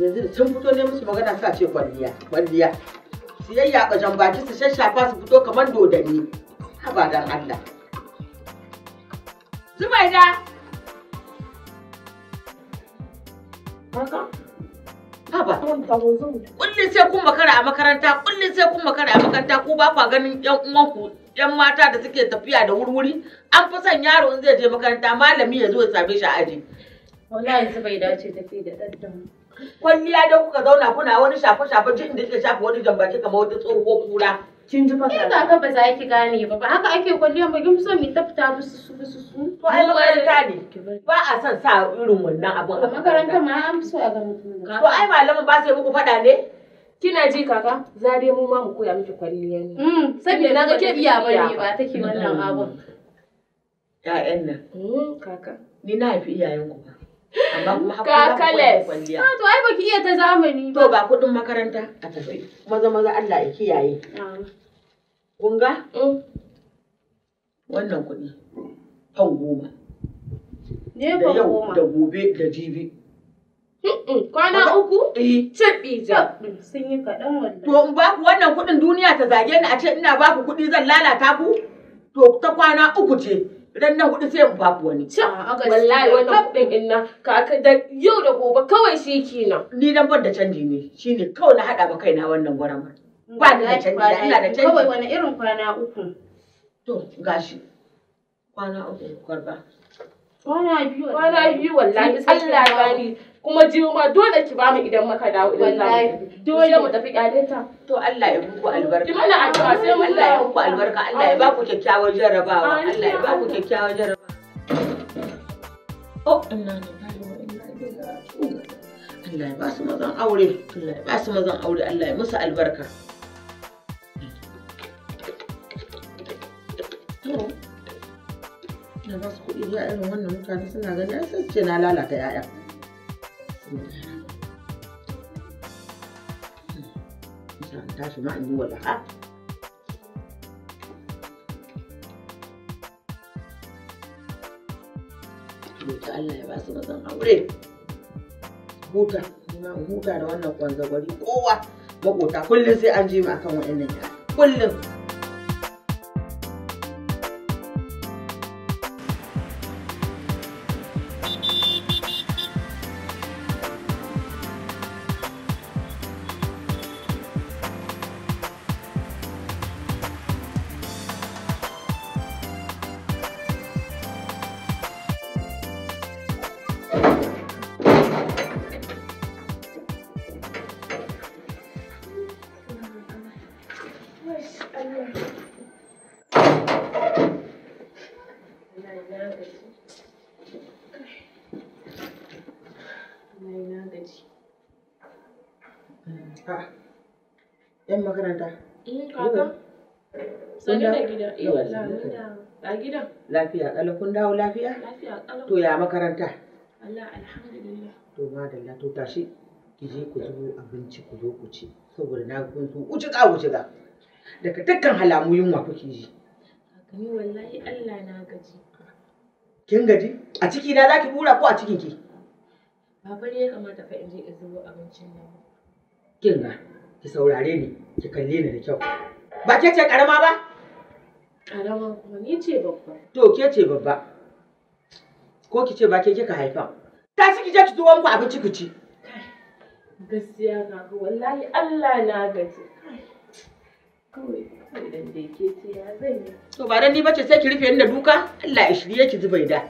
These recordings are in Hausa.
yanzu sun fito ne musu magana sa ce kwalliya kwalliya su yayyaɓa baki su shashafa su fito kamar dodani haba dan Allah Zubaida Haka? Haba. Kullum sai kun makara a makaranta, kullum sai kun makara a makaranta ko ba kwa ganin uwan uwanku 'yan mata da suke tafiya da wurwuri an fi son yaro in zai je makaranta malami ya zo ya same shi a aji. Wallahi Zubaida ce tafi da ɗan kwalliya don kuka zauna kuna wani shafe-shafe jin inda kika shafe wani jambaki kamar wata tsoho kura. Kin ji fasa. Ina ka ba za ki gane ba ba haka ake kwalliya ba kin san me ta fita su su su. To ai makaranta ne ba a san sa irin wannan abun. A makaranta ma an so a ga mutum. To ai malamin ba sai muku fada ne. Kina ji kaka za dai mu ma mu koya miki kwalliya ne. Mm saboda na ga ke biya ba ne ba take wannan mm. abun. Ya'yan nan. Mm, kaka. Ni na haifi iyayenku. Kakales. Ah, to ai baki iya ta zamani ba. To ba kuɗin makaranta a tafi. Maza maza Allah ya kiyaye. Kun ga? Mm. Wannan kuɗi kan goma. Ne ba goma. Da gobe da jibi. Kwana uku? Eh. Caɓi caɓi. Mm, sun yi kaɗan wannan. To in ba ku wannan kuɗin duniya ta zage ni a ce ina baku ku kuɗi zan lalata ku? To ta kwana uku ce. ran na hudu sai mu babu wani. Wallahi wani hudun inna kaka da yau da gobe kawai shi kenan. Ni dan ban da canji ne shine kawai na haɗa ma kaina wannan gwaramar. Ba ni da canji ina da canji. Kawai wani irin kwana uku. To gashi kwana uku karba. Kwana biyu. Kwana biyu wallahi Allah ya bani. kuma jiyo ma dole ki bamu idan muka dawo idan za mu dole mu tafi kyaleta to Allah ya buku albarka ki mana addu'a sai mun Allah ya buku albarka Allah ya baku kyakkyawan jarrabawa Allah ya baku kyakkyawan jarrabawa oh inna lillahi wa inna ilaihi Allah ya ba su mazan aure Allah ya ba su mazan aure Allah ya musu albarka na ba su kuɗi ya irin wannan mutane suna gani ai sai ce na lalata 'ya'ya tashi ma in yi wala'a roƙi Allah ya ba su mazan aure huta kuma huta da wannan kwanza gwari kowa makota kullum sai an ji mu akan waɗannan yara kullum A gidan. Lafiya ƙalau kun dawo lafiya? To ya makaranta? Allah alhamdulillah. To madalla to tashi ki je ku zubo abinci ku zo ku ci saboda na kun zo wuciga daga dukkan halamu yunwa kuke ji. Ni wallahi Allah na gaji. Kin gaji? A ciki na zaki bura ko a cikin ki? ya kamata fa in je in zubo abincin nan. Kin ga ki saurare ni ki kalle ni da kyau. Ba ke ce karama ba? Ƙarama kuma ni ce babba. To ke ce babba. Ko ki ce ba ke kika haifa. Ta ci ki je ki tuwon ku abinci ku ci. Gaskiya kaka wallahi Allah na gaji. Kawai idan da ke ya zan To ba dan ni bace sai ki rufe ni da duka Allah ya shirye ki zuba da.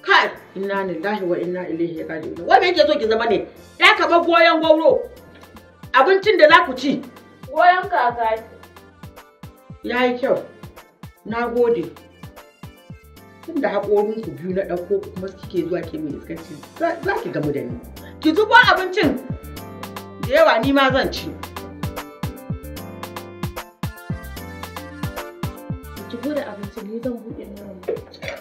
Kai inna lillahi wa inna ilaihi raji'un. Wai me yake so ki zama ne? Da ka bar goyon gauro. Abincin da za ku ci. Goyon kaka. Ya yi kyau. na gode tun da haƙorinku biyu na ɗauko kuma kike zuwa ke mai iskanci za ki gamu da ni ki zubo abincin da yawa ni ma zan ci ki bude abincin ni zan buɗe na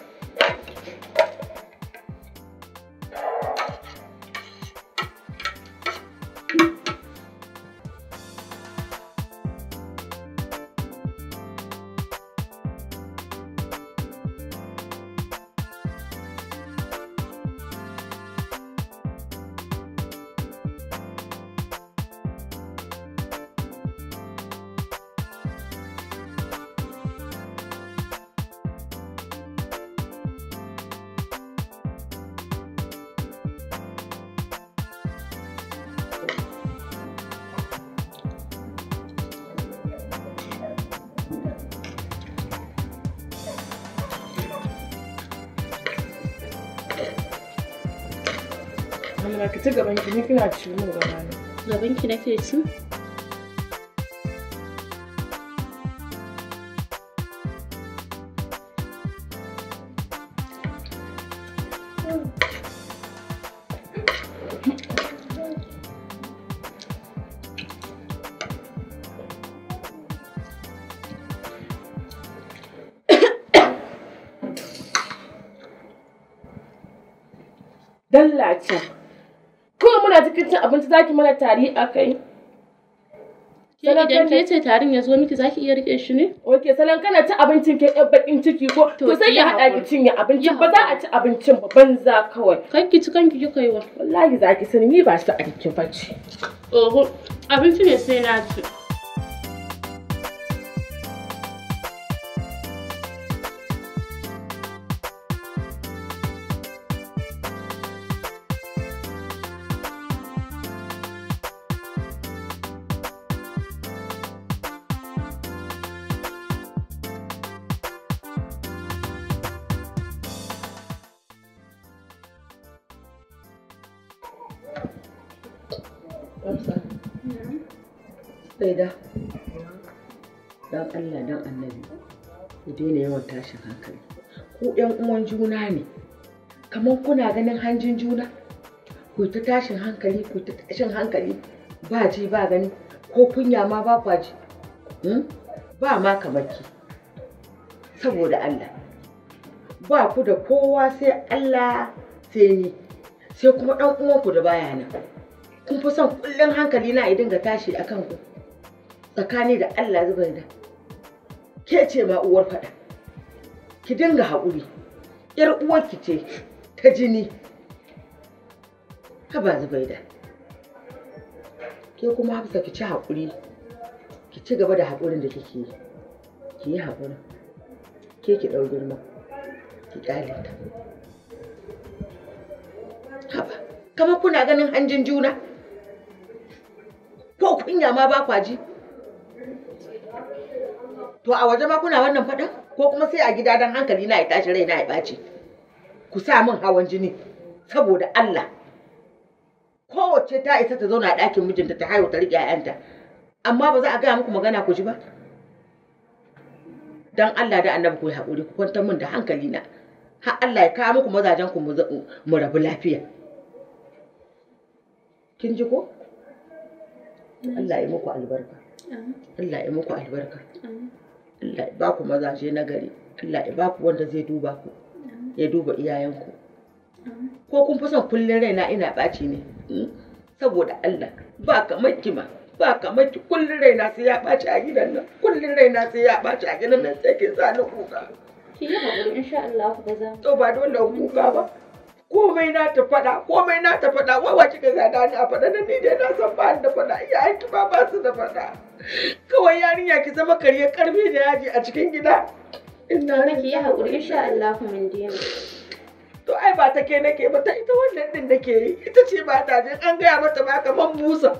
ki ci gaban ki kina ci mu gaba ne gaban ki nake ci Dallacin cikin cin abinci zaki mana tari a kai idan ke ce tarin ya zo miki zaki iya rike shi ne? Ok, salon kana ci abincin ke ɗan bakin ciki ko to sai ya haɗa ki cinye abincin ba za a ci abincin ba banza kawai. kan ki ci kan ki kai wa. Wallahi zaki sani ni ba shi a jikin bacci. Oho, abinci ne sai na ci. ya daina yawan tashin hankali ku yan uwan juna ne kamar kuna ganin hanjin juna ku ta tashin hankali ku ta tashin hankali ba ji ba gani ko kunya ma ba kwa ji hmm? ba ma kamar ki saboda Allah ba ku da kowa sai Allah sai ni sai kuma ɗan uwanku da baya nan kun fi son kullum hankali na ya dinga tashi akan ku tsakani da Allah zubar da ke ce ma uwar faɗa ki dinga haƙuri yar uwarki ce ta jini ba zubaida ke kuma hafsa ki ci hakuri, ki ci gaba da haƙurin da kike yi ki yi haƙuri ke ki ɗau girma ki ƙyale ta haba kamar kuna ganin hanjin juna ko kunya ma ba kwaji to a waje ma kuna wannan faɗin ko kuma sai a gida don hankali na ya tashi raina ya ɓaci ku sa min hawan jini saboda Allah kowace ta isa ta zauna a ɗakin mijinta ta haihu ta riƙe 'ya'yanta amma ba za a gaya muku magana ku ji ba dan Allah da annabi ku yi haƙuri ku kwantar min da hankali na har Allah ya kawo muku mazajen ku mu rabu lafiya kin ji ko Allah ya muku albarka Allah ya muku albarka Allah ya baku mazaje na gari Allah ya baku wanda zai duba ku ya duba iyayenku ko kun fi son kullun raina ina ɓaci ne hmm? saboda Allah ba kamar ki ma ba kamar ki kullun raina sai ya ɓaci a gidan nan kullun raina sai ya ɓaci a gidan nan sai ke sa ni kuka ki yi haƙuri insha Allah ku ba za to ba dole kuka ba komai na ta faɗa komai na ta faɗa wai wace ka gada ni a faɗa na ni dai na san ba da faɗa iyayen ki ba ba su da faɗa kawai yarinya ki zama kariya karfe da yaji a cikin gida ina nake yi hakuri, insha Allah ku min dina to ai ba ta ke nake ba ta ita wannan din da ke yi ita ce ba ta je an gaya mata ba kaman Musa.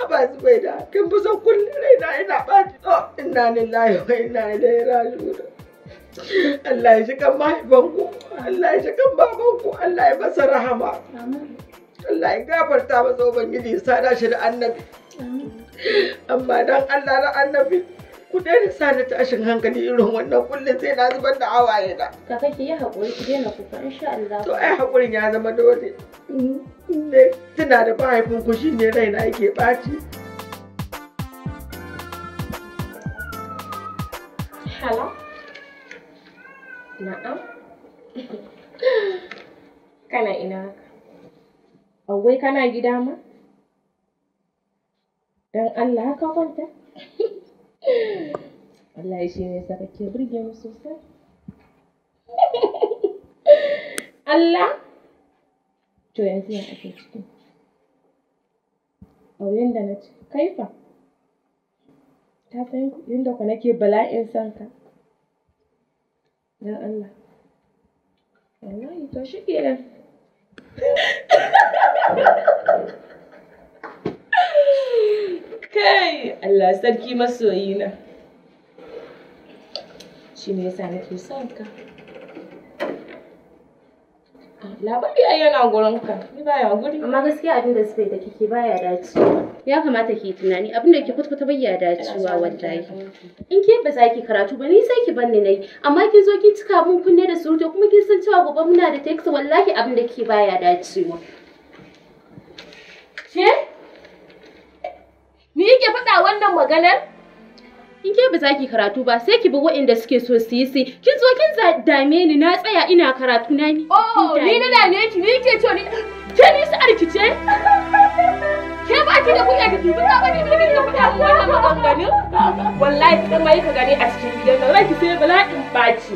haba Zubaida, da kin busan kullum raina ina ba to oh, inna lillahi wa inna ilaihi raji'un Allah ya ji kan mahaifanku, Allah ya ji kan babanku, Allah ya masa rahama. Allah ya gafarta masa Ubangiji ya sada shi da annabi. Amma dan Allah da annabi ku daina sa ni tashin hankali irin wannan kullum sai na zubar da hawaye na. Ka kake yi haƙuri ki daina kuka insha Allah. To ai haƙurin ya zama dole. Mm-hmm. Tuna da mahaifinku shine raina yake ɓaci. ina haka? Hauwai kana gida ma? Don Allah haka kwanta? Wallahi shi ne sa kake burge mu sosai. Allah? To yanzu ya ake ciki. wurin da na ci, kai fa? Ta san yadda ku nake bala'in sanka. ka. Don Allah. Wallahi to shi kenan. kai Allah sarki masoyina shi ne yasa nake son ka labari ai yana gurin ni baya guri amma gaskiya abin da suke da kike baya dacewa. ya kamata ki tunani abin da ke kwatkwata baya dacewa wallahi in ke ba za ki karatu ba ni sai ki banni nayi amma kin zo ki cika mun kunne da surutu kuma kin san cewa gobe muna da text wallahi abin da ke baya dacewa ke ni yake faɗa wannan maganar in ke ba za ki karatu ba sai ki bi waɗanda suke so su yi su kin zo kin dame ni na tsaya ina karatu na ni oh ni na dame ki ni ke to ni ke ni su arkice ke ba ki da kunya ki dubi ka ni dubi da kunya ko ta maganganin wallahi kan mai ka gani a cikin gidan nan zaki sai bala'in baci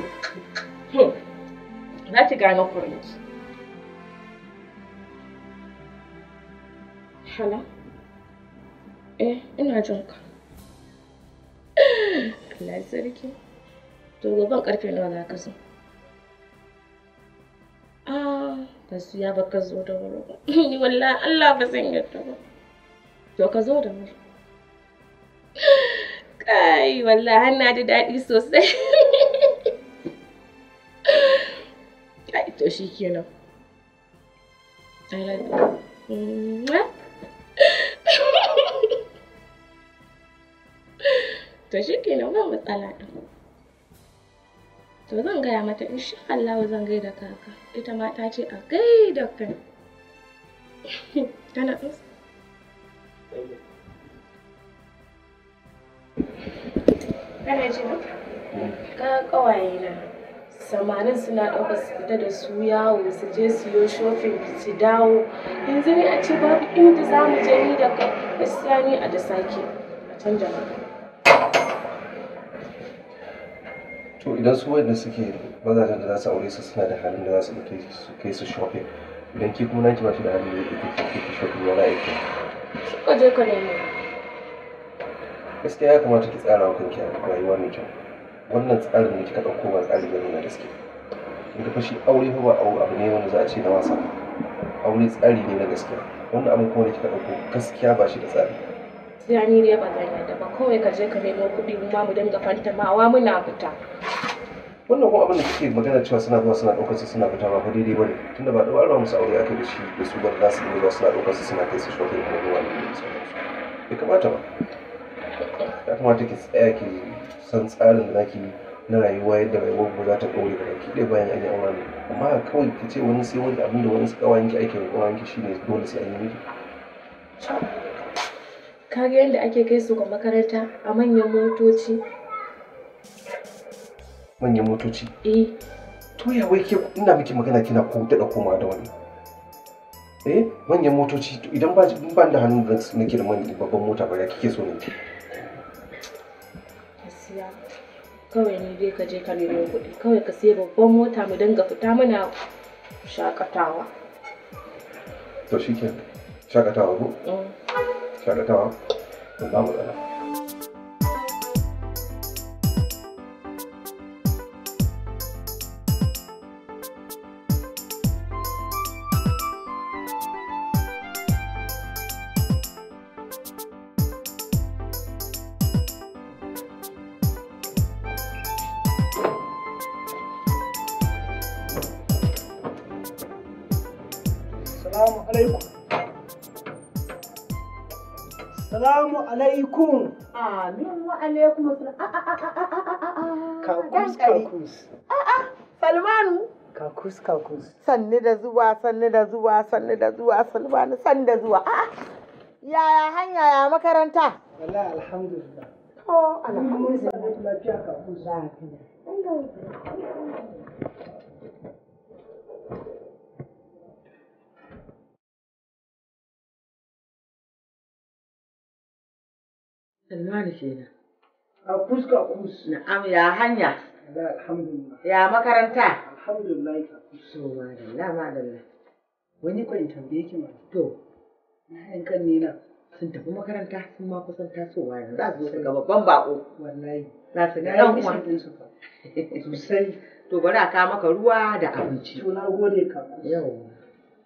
za ki gane kurinki Hala? Eh, ina jin ka. Allah sarki. To gobe karfe nawa za ka zo? Ah, ba su ya ba ka zo da wuri ba. Wallahi Allah ba zan yarda ba. To ka zo da wuri. Kai, wallahi har na ji daɗi sosai. Kai, to shi kenan. I like that. Mm-hmm. to shi kenan ba matsala ɗin to zan gaya mata insha Allah zan gaida kaka ita ma ta ce a gaida kai tana ɗansa kana ji na ka ƙawaye na samanin suna ɗauka su fita da su yawo su je su yo shofin su dawo yanzu ne a ce babu inda za mu je ni da gaskiya ni a da sake a canja maka to idan su wadanda suke mazajen da za su aure su suna da halin da za su ɗauke su kai su shopping idan ki kuma naki ba shi da halin da ke kai ki shopping ya za a yi ka je ka nemi gaskiya ya kamata ki tsara wa kanki rayuwa mai kyau wannan tsarin da kika ɗauko ba tsari bane na gaske in ka fashi aure ba abu ne wanda za a ce na wasa aure tsari ne na gaskiya wannan abin kuma da kika ɗauko gaskiya ba shi da tsari gaskiya ni ne ba zan yadda ba kawai ka je ka nemo kuɗi mu ma mu dinga fantamawa muna fita wannan kuma abin da kake magana cewa suna zuwa suna ɗaukar su suna fita ba fa daidai bane tunda ba ɗaura musu aure aka da shi da su ba za su dinga suna ɗaukar su suna kai su shopping ko ruwa ne bai kamata ba ya kamata ki tsaya ki san tsarin da zaki na rayuwa yadda rayuwar ku za ta ɗore ba ki ɗaya bayan an yi aure ne amma kawai ki ce wani sai wani abin da wani su ƙawayen ki aikin ƙawayen ki shine dole sai an yi miki ka ga yadda ake kai su ga makaranta a manyan motoci manyan motoci eh to ya wai ke ina miki magana kina ko daɗa koma da wani eh manyan motoci to idan ba ban da hannun da nake da manyan babban mota ba ya kike so ne gaskiya kawai ne dai ka je ka nemo kuɗi kawai ka sai babban mota mu danga fita mana shakatawa to shikenan shakatawa ko mm. shut it off and download Amin wa alaikum salam. Kakus kakus. A'a Salmanu. Kakus kakus. Sanni da zuwa sanni da zuwa sanni da zuwa Salmanu sanni da zuwa. A'a ah, ah. yaya hanya ya makaranta? Wallahi alhamdulillah. To alhamdulillah. Lafiya kakus. Lafiya. Salmanu kenan. A ka kus. Na'am ya hanya. Alhamdulillah. Ya makaranta. Alhamdulillah. So madalla madalla. Wani ko in tambaye ki ma. To. Na yan kan ni na. Sun tafi makaranta sun ma kusan tasowa yanzu za su zo su babban bako. Wallahi. Za su ga ɗan uwa. Sosai. To bari a kawo maka ruwa da abinci. To na gode ka. Yau.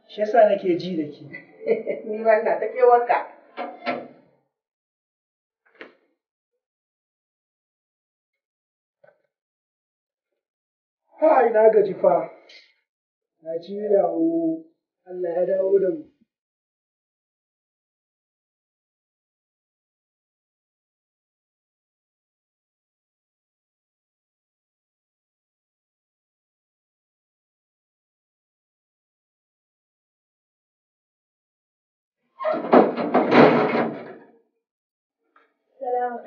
Shi yasa nake ji da ke. Ni ma ina ta kewarka. Kai na gaji fa. Najeriya o, Allah ya dawo da mu. Salamu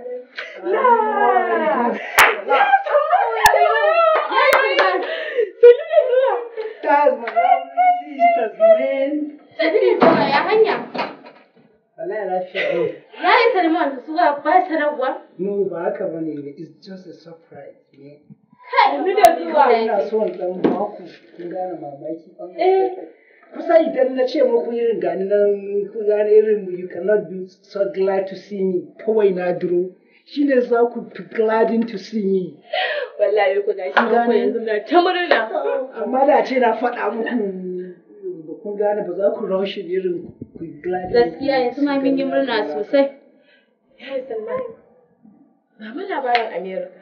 alaikum. Sisters, sisters, man. Sabini kuma ya hanya. Wallahi lafiya yau. Ya yi Salman da suwa ba sanarwa? No, ba haka ne, it's just a surprise, ne. zuwa. Kusa idan na ce muku irin irin you cannot be so glad to see me, kawai na duro. Shine za ku be glad to see me. wallahi ku na faɗa muku gane ba za ku irin ku gladi gaskiya yanzu ma mun yi murna sosai labarin America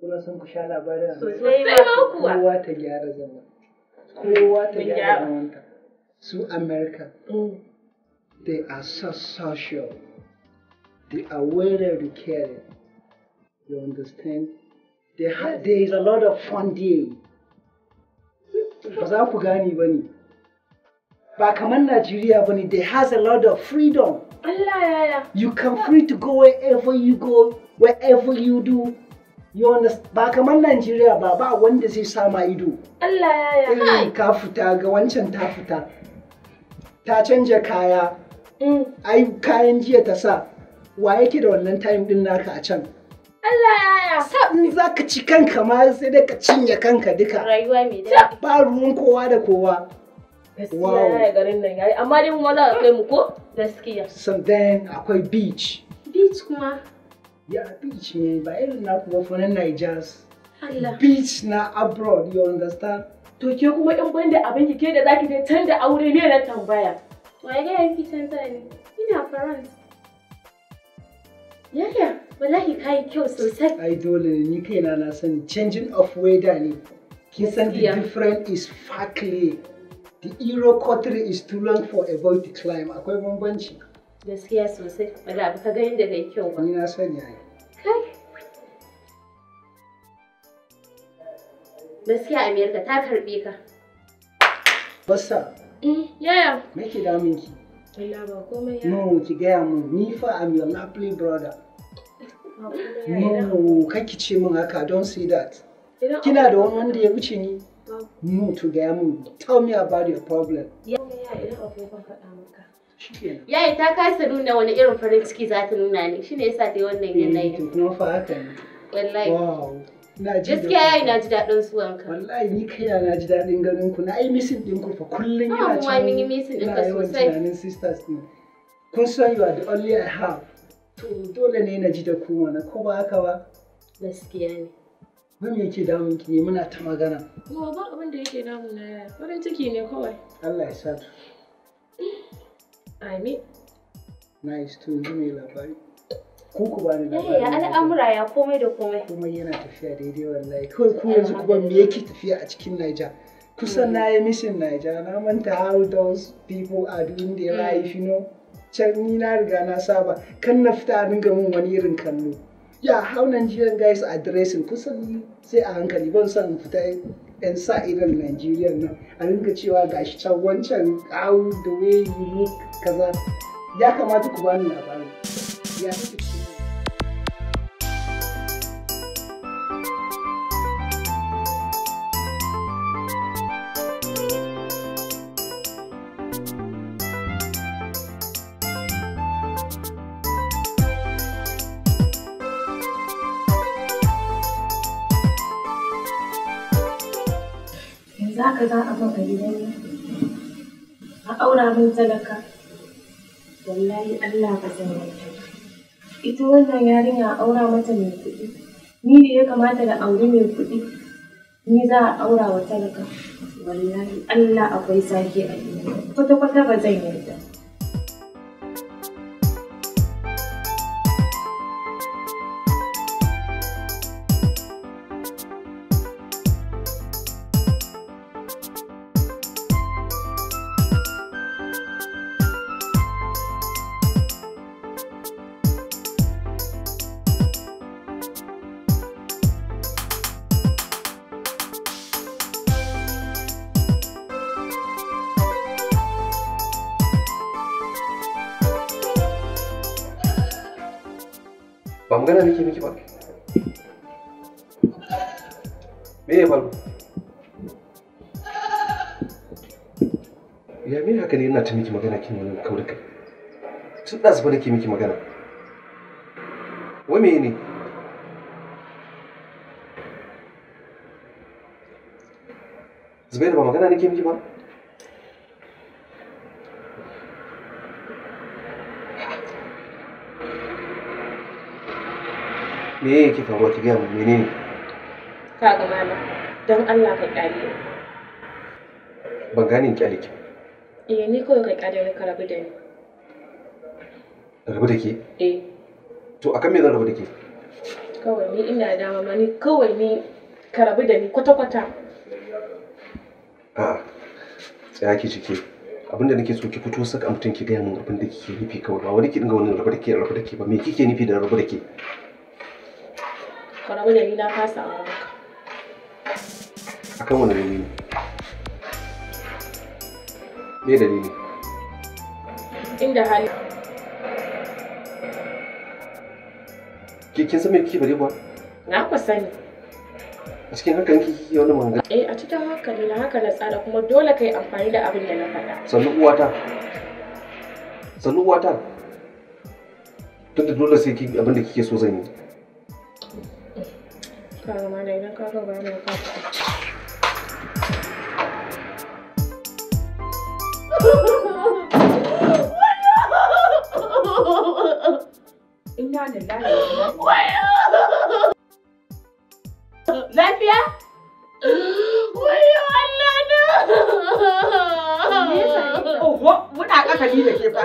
kuna son ta gyara kowa ta gyara zamanta su America mm. they are so social they are well educated There, is a lot of funding. Ba za ku gane ba ne. Ba kamar Najeriya ba ne, there has a lot of freedom. Allah yaya. You can free to go wherever you go, wherever you do. You understand? Ba kamar Najeriya ba, ba wanda zai sama ido. Allah yaya. Eh, ka fita ga wancan ta fita. Ta canja kaya. Mm. Ai kayan jiya ta sa. Wa yake da wannan time din naka a can? Allah ya in za ka ci kanka ma sai dai ka cinye kanka duka. Rayuwa mai daɗi. Ba ruwan kowa da kowa. Gaskiya ya garin nan yayi amma dai mu ma za ka kai mu ko gaskiya. Sandan akwai beach. Beach kuma. Ya beach ne ba irin na kuma funan Nigerians. Allah. Beach na abroad you understand. To ke kuma ɗan banda abin ki ke da zaki je can da aure ne na tambaya. Wa ya ga yafi can ne? Ina France. Yaya, wallahi ka yi kyau sosai. Ai dole ne ni kaina na sani changing of weather ne. Kin san the different is far clear. The Euro country is too long for a boy to climb. Akwai bambanci. Gaskiya sosai. Wala abu ka ga yadda kai kyau ba. Ni na sani ai. Kai. Gaskiya Amerika ta karbe ka. Basta. Eh, yaya. Me ke damun ki? No, ki gaya mun ni fa am your lovely brother. No, kaki ce min haka don say that. Kina da wani wanda ya wuce ni? No, to gaya mun. Tell me about your problem. ya yi ta kasa nuna wani irin farin ciki za ta nuna ne, shi ne yasa ta yi wannan eh, yanayi. Wallahi. Wow. Gaskiya yayi na ji daɗin zuwan ka. Wallahi ni kaina na ji daɗin ganin ku na yi misin ɗin ku fa kullum yana cewa. Ah, mun yi misin ɗin ka sosai. Ina tunanin sisters ɗin. Kun san you are the only I have. To dole ne na ji da ku wani ko ba haka ba. Gaskiya ne. Mun yake damun ki ne muna ta magana. Ba ba abin da yake damuna yaya. Farin ciki ne kawai. Allah ya sa. Amin. Nice to ji labari. ku ku bani eh, labarin al'amura ya komai da komai yana tafiya daidai wallahi kawai ku yanzu ku me yake tafiya a cikin Niger kusan hmm. na yi mission Niger na manta how those people are doing their hmm. life you know can ni na riga na saba kan na fita a dinga min wani irin kallo ya how Nigerian guys are dressing kusan sai a hankali ban son fita yan sa irin Nigerian nan a dinga cewa gashi can wancan how the way you look kaza ya kamata ku bani labarin ya haka za a maka gidan nan a aura mun talaka wallahi Allah ba zan yarda ita wannan yarinya a aura mata mai kuɗi ni da ya kamata da aure mai kuɗi ni za a aura wa talaka wallahi Allah akwai sake a duniya kwata-kwata ba yi yarda magana nake miki ba ya ya haka ne ina ta magana kin wani kai tun da zuba nake ki magana wai me ne ba magana nake ki ba? me yake kika wata gaya mene menene ka ga mama don Allah ka kyale ban gane in kyale ki eh ni kawai ka kyale ka rabu da ni rabu da ke eh to akan me zan rabu da ke kawai ni ina da mama ni kawai ni ka rabu da ni kwata kwata a'a tsaya ki ciki abin da nake so ki fito saka mutum ki gaya min abin da kike nufi kawai ba wani ki dinga wani rabu da ke rabu da ke ba me kike nufi da rabu da ke ka rabu da ni na fasa auren A kan wani dalili me dalili inda hali ki kin san me kike bare kuwa na ku sani a cikin hakan ki kike wani magana eh a cikin hankali na haka na tsara kuma dole kai amfani da abin da na faɗa sannu uwata sannu uwata tunda dole sai abin da kike so zan yi còn ngoài này nó có câu ba này không İnan inan inan. Lafiya? Wayo Allah na. Me yasa? Oh, wa, muna aka ni da ke fa.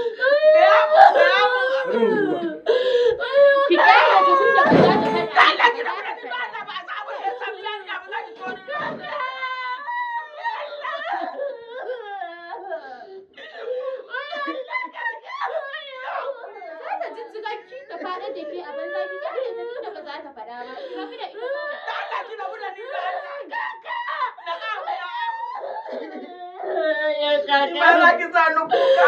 lagi sana nak buka.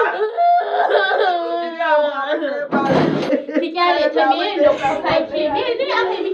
Fikir, tapi ni dok kau kaki ni ni apa ni?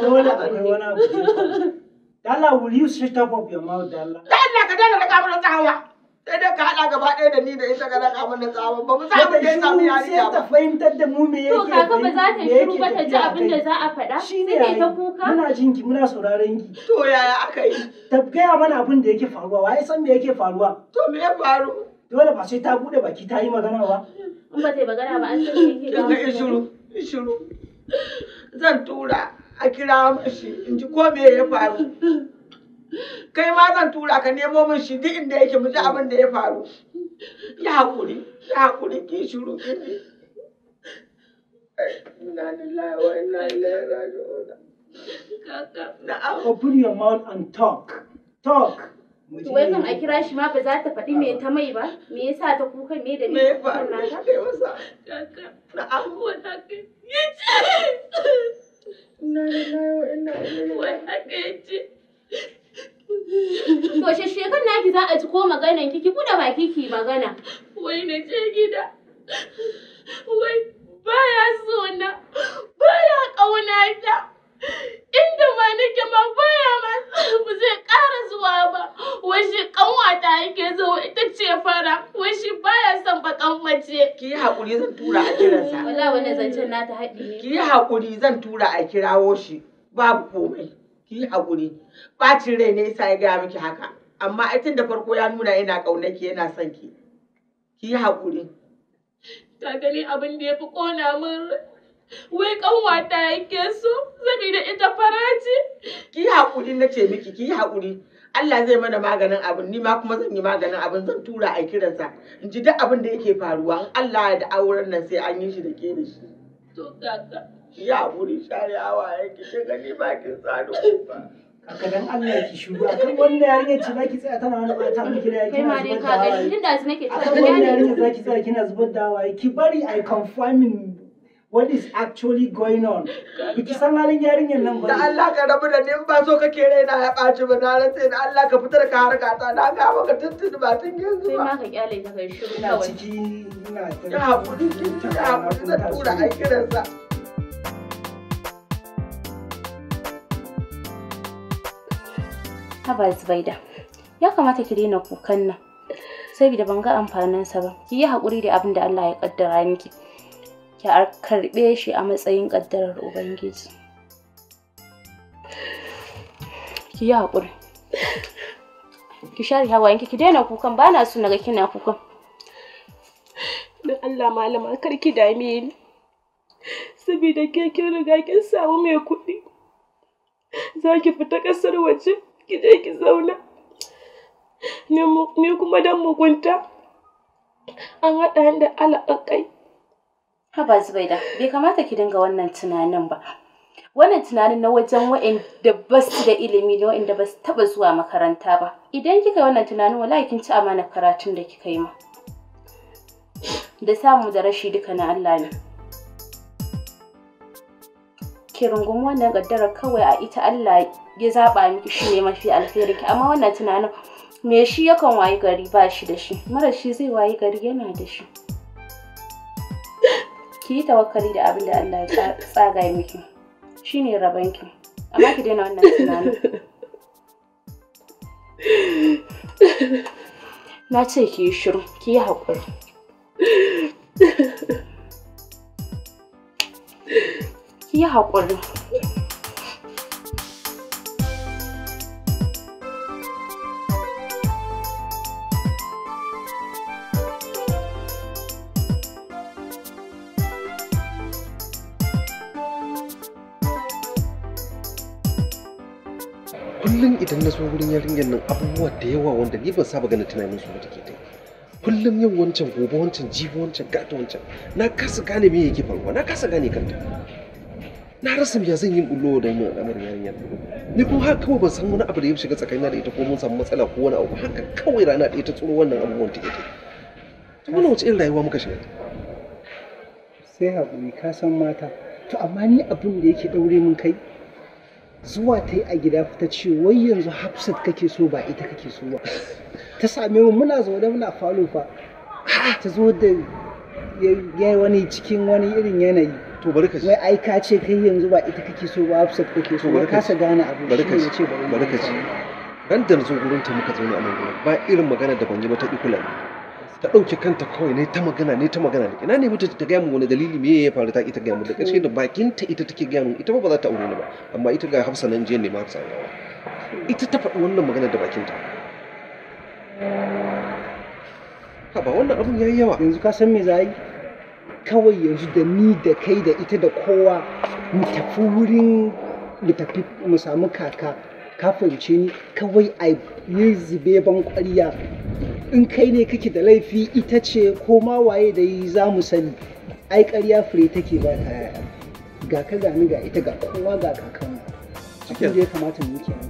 dole akwai wani abu Dalla will you shut up of your mouth Dalla Dalla ka dalla ka mun tsawa sai dai ka hada gaba ɗaya da ni da ita ga ka mun tsawa ba mu samu dai samu yariya ba ta fahimtar da mu me yake to kaka ba za ta shiru ba ta ji abin da za a faɗa shine ta kuka muna jin ki muna sauraron ki to yaya aka yi ta gaya mana abin da yake faruwa wai san me yake faruwa to me ya faru dole ba sai ta bude baki ta yi magana ba in ba ta yi magana ba an san me yake faruwa shiru shiru zan tura a kira mashi in ji ko me ya faru kai ma zan tura ka nemo min shi duk inda yake mu ji abin da ya faru ya hakuri ya hakuri ki shiru ki ne inna open your mouth and talk talk Wai kan a kira shi ma ba za ta faɗi me ta mai ba? Me yasa ta kuka me da me kuka na ta? Me ya Kaka, na abuwa na kai. Inna lillahi wa inna ilaihi wai haka yace. To shashshekan naki za a ci ko maganan ki ki buɗe baki ki magana. Wai na je gida. Wai baya so na. Baya ƙauna ta. Inda ma nake ma baya ma ba zai ƙara zuwa ba. Wai shi ƙanwata yake zo bakan mace ki yi hakuri zan tura a kiransa wannan zancen nata haɗi ki yi hakuri zan tura a kirawo shi babu komai ki yi rai ne yasa ya gaya miki haka amma ai tun da farko ya nuna yana ƙaunaki yana son ki ki yi hakuri ta gani abin da ya fi ƙona min wai ƙanwata yake so da ita faraci ki yi hakuri na ce miki ki yi hakuri Allah zai mana maganin abin ni ma kuma zan yi maganin abin zan tura a kiransa in ji duk abin da yake faruwa in Allah ya da auren nan sai an yi shi da ke da shi to kaka ya buri share awa yake shi gani ba kin tsaro ba kaka dan Allah ki shigo akan wannan yarinya ce baki tsaya tana wani bata miki da yake ma dai ka gani tun da nake tsaya akan wannan yarinya ki tsaya kina zubar da hawaye ki bari i confirming what is actually going on biki san halin yarinyar nan ba da Allah ka rabu da ni ba so kake raina ya baci ba na rantsa da Allah ka fitar ka harka ta na ga maka tuntun ba tun sai ma ka kyale ta kai shiru ciki ina ta ya hakuri ki hakuri da tura sa Haba Zubaida, ya kamata ki daina kukan nan, saboda ban ga amfaninsa ba, ki yi haƙuri da abin da Allah ya ƙaddara miki. ki karɓe shi a matsayin ƙaddarar ubangiji ki yi haƙuri ki share hawayenki ki daina kukan ba na suna ga kina kukan don allah malama kar ki dame ni saboda ke kin riga kin samu mai kuɗi za ki fita ƙasar waje ki je ki zauna ni kuma dan mugunta an haɗa da alaƙaƙai Haba Zubaida, bai kamata ki dinga wannan tunanin ba. Wannan tunanin na wajen waɗanda ba su da ilimi da waɗanda ba su taɓa zuwa makaranta ba. Idan kika wannan tunanin wallahi kin ci amana karatun da kika yi ma. Da samu da rashi duka na Allah ne. Ki rungumi wannan gaddara kawai a ita Allah ya zaɓa miki shi ne mafi alheri ki amma wannan tunanin me shi yakan wayi gari ba shi da shi mara shi zai wayi gari yana da shi. ki yi tawakkali da abin da Allah ya tsaga miki shine rabanki amma ki daina wannan tunanin na ce ki yi shiru ki yi haƙuri ki yi haƙuri idan na so gurin yarinyar nan abubuwa da yawa wanda ni ban saba ganin tunanin su ba take ta kullum yau wancan gobe wancan jibi wancan gata wancan na kasa gane me yake faruwa na kasa gane kanta na rasa me zan yi bullo da yin al'amarin yarinyar ni kuma haka kawai ban san wani abu da ya shiga tsakanina da ita ko mun samu matsala ko wani abu haka kawai rana ɗaya ta tsoro wannan abubuwan take ta to wannan wace irin rayuwa muka shiga sai haƙuri ka san mata to amma ni abin da yake ɗaure mun kai zuwa ta yi a gida ta ce wai yanzu hafsat kake so ba ita kake so ba ta same mu muna zaune muna falo fa ta zo da ya wani cikin wani irin yanayi to bari wai ai ka ce kai yanzu ba ita kake so ba hafsat kake so ba kasa gane abu bari ka ji bari ka ji ran da zo gurin ta muka zauna a nan gurin ba irin magana da ban yi ba ta ikula ne ta ɗauke kanta kawai ne ta magana ne ta magana ne ina ne mata ta gaya mu wani dalili me ya faru ta ita gaya mu da ƙarshe da bakinta ita take gaya mu ita ba za ta aure ni ba amma ita ga hafsa nan je ne ma hafsa yawa ita ta faɗi wannan magana da bakinta ha ba wannan abun yayi yawa yanzu ka san me za yi kawai yanzu da ni da kai da ita da kowa mu tafi wurin mu tafi mu samu kaka ka fahimce ni kawai a yi zube ban ƙwarya in kai ne kake da laifi ita ce ko ma waye da yi za mu sani ai ƙarya fure take ba ta ga ka gani ga ita ga kowa ga kakan abin da ya kamata mu kenan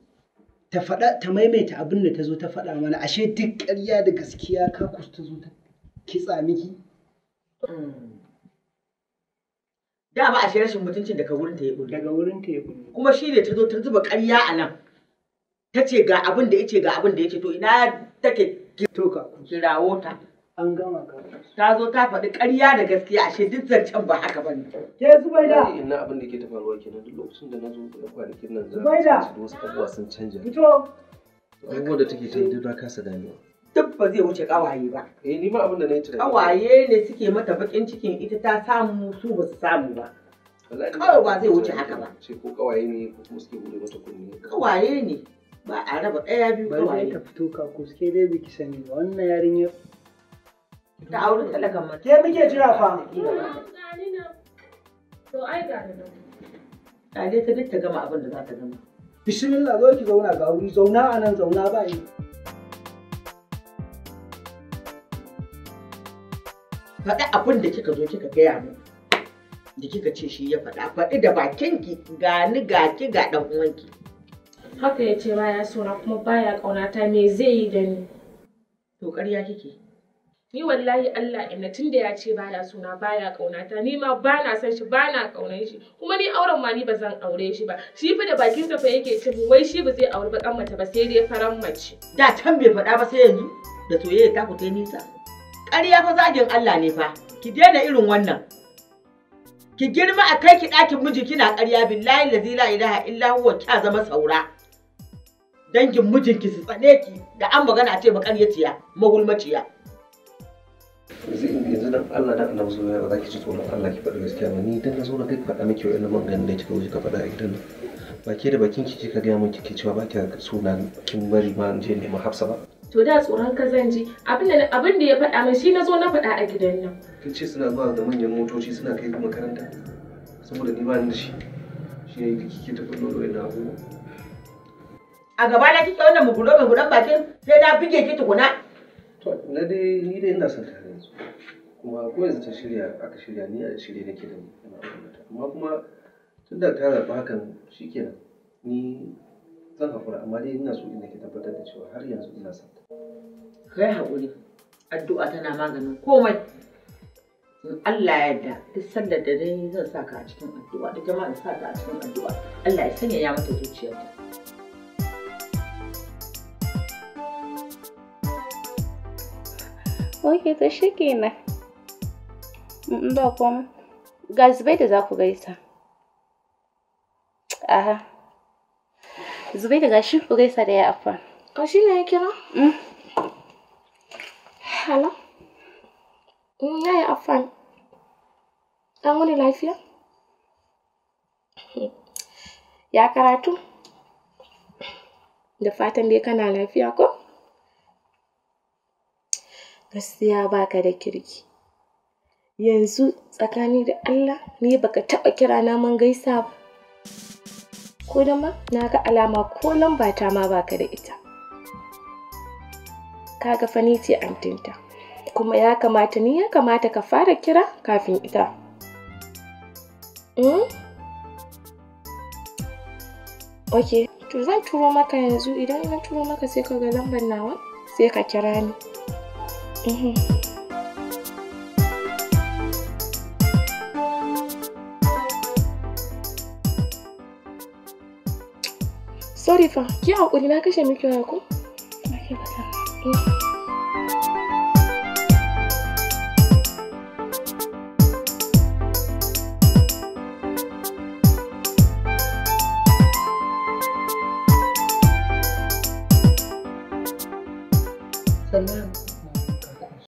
ta faɗa ta maimaita abin da ta zo ta faɗa mana ashe duk ƙarya da gaskiya ka ta zo ta kitsa miki da ba a shi rashin mutuncin daga wurin ta ya kullu daga wurin ta ya kullu kuma shi ne ta zo ta zuba ƙarya a nan ta ce ga abin da yace ga abin da yace to ina take to ka kirawo ta an gama ta zo ta faɗi ƙarya da gaskiya ashe duk zancen ba haka bane ke zubaida ina abin da ke ta faruwa kenan duk lokacin da na zo da kwanakin nan zubaida wasu abubuwa sun canja fito abubuwan da take ta yi duk na kasa ganewa duk ba zai wuce ƙawaye ba eh ni ma abin da na yi tunani ƙawaye ne suke mata baƙin cikin ita ta samu su ba su samu ba kawai ba zai wuce haka ba ce ko ƙawaye ne ko kuma suke bude mata kunni ƙawaye ne ba a raba ɗaya biyu ƙawaye bari ta fito ka kuske dai biki sani wannan yarinyar ta auri talakan mata. Ke muke jira fa. To ai ga ta je ta duk ta gama abin da za ta gama. Bismillah zo ki zauna ga wuri zauna a nan zauna ba yi. Faɗi abin da kika zo kika gaya mu. Da kika ce shi ya faɗa faɗi da bakinki ga ni ga ki ga ɗan uwanki. Haka ya ce baya sona kuma baya ƙaunata me zai yi da ni. To ƙarya kike. ni wallahi Allah inna tunda ya ce baya suna baya kaunata nima ma bana san shi bana kaunan shi kuma ni auren ma ni bazan aure shi ba shi fa da bakin sa fa yake ce wai shi ba zai aure ba kan mace ba sai dai faran mace da can bai faɗa ba sai yanzu da soyayya ta ku tai nisa ƙarya fa zagin Allah ne fa ki daina irin wannan ki girma a kai ki ɗakin miji kina ƙarya billahi lazi la ilaha illa huwa kya zama saura dangin mijinki su tsane ki da an magana a ce makaryaciya magulmaciya yanzu in dan Allah da Allah zuwa ba zaki ci tsoron Allah ki faɗi gaskiya ba ni dan na zo na kai faɗa miki wa'in nan ganin da kika wuce ka faɗa a gidan nan ba ke da bakin ki kika gaya min kike cewa ba ki suna kin bari ma je nema Hafsa ba to da tsoron ka zan ji abin da ya faɗa min shi na zo na faɗa a gidan nan kin ce suna zuwa da manyan motoci suna kai makaranta saboda ni ba ni da shi shi ne kike ta kullo ina abubuwa a gaba na kike wannan muguro mai gudan bakin sai na bige ki tukuna to na dai ni dai ina son ta kuma ko yanzu ta shirya aka shirya ni a shirye nake da amma kuma tun da ta zaɓi hakan shikenan ni zan haƙura amma dai ina so ina ke tabbatar da cewa har yanzu ina son ta kai haƙuri addu'a tana maganin komai in Allah ya yarda duk sanda da dai zan saka a cikin addu'a da jama'a sa ta a cikin addu'a Allah ya sanya ya mata zuciyarta ok to shi kenan in ba komai ga zubai da za ku gaisa aha zubai da gashi ku gaisa da ya afa ka shi ne ya kira mm. hala mm, ya yi afan an wani lafiya ya karatu da fatan dai kana lafiya ko gaskiya baka da kirki yanzu tsakani da Allah ni baka taɓa kira na mun gaisa ba ko da ma na ga alama ko lamba ta ma baka da ita kaga fa ni ce antinta kuma ya kamata ni ya kamata ka fara kira kafin ita mm? ok to zan turo maka yanzu idan na turo maka sai ka ga lambar nawa sai ka kira ni Eh. Sorry fa, ki haƙuri na kashe miki waya ko? ba ta. Eh.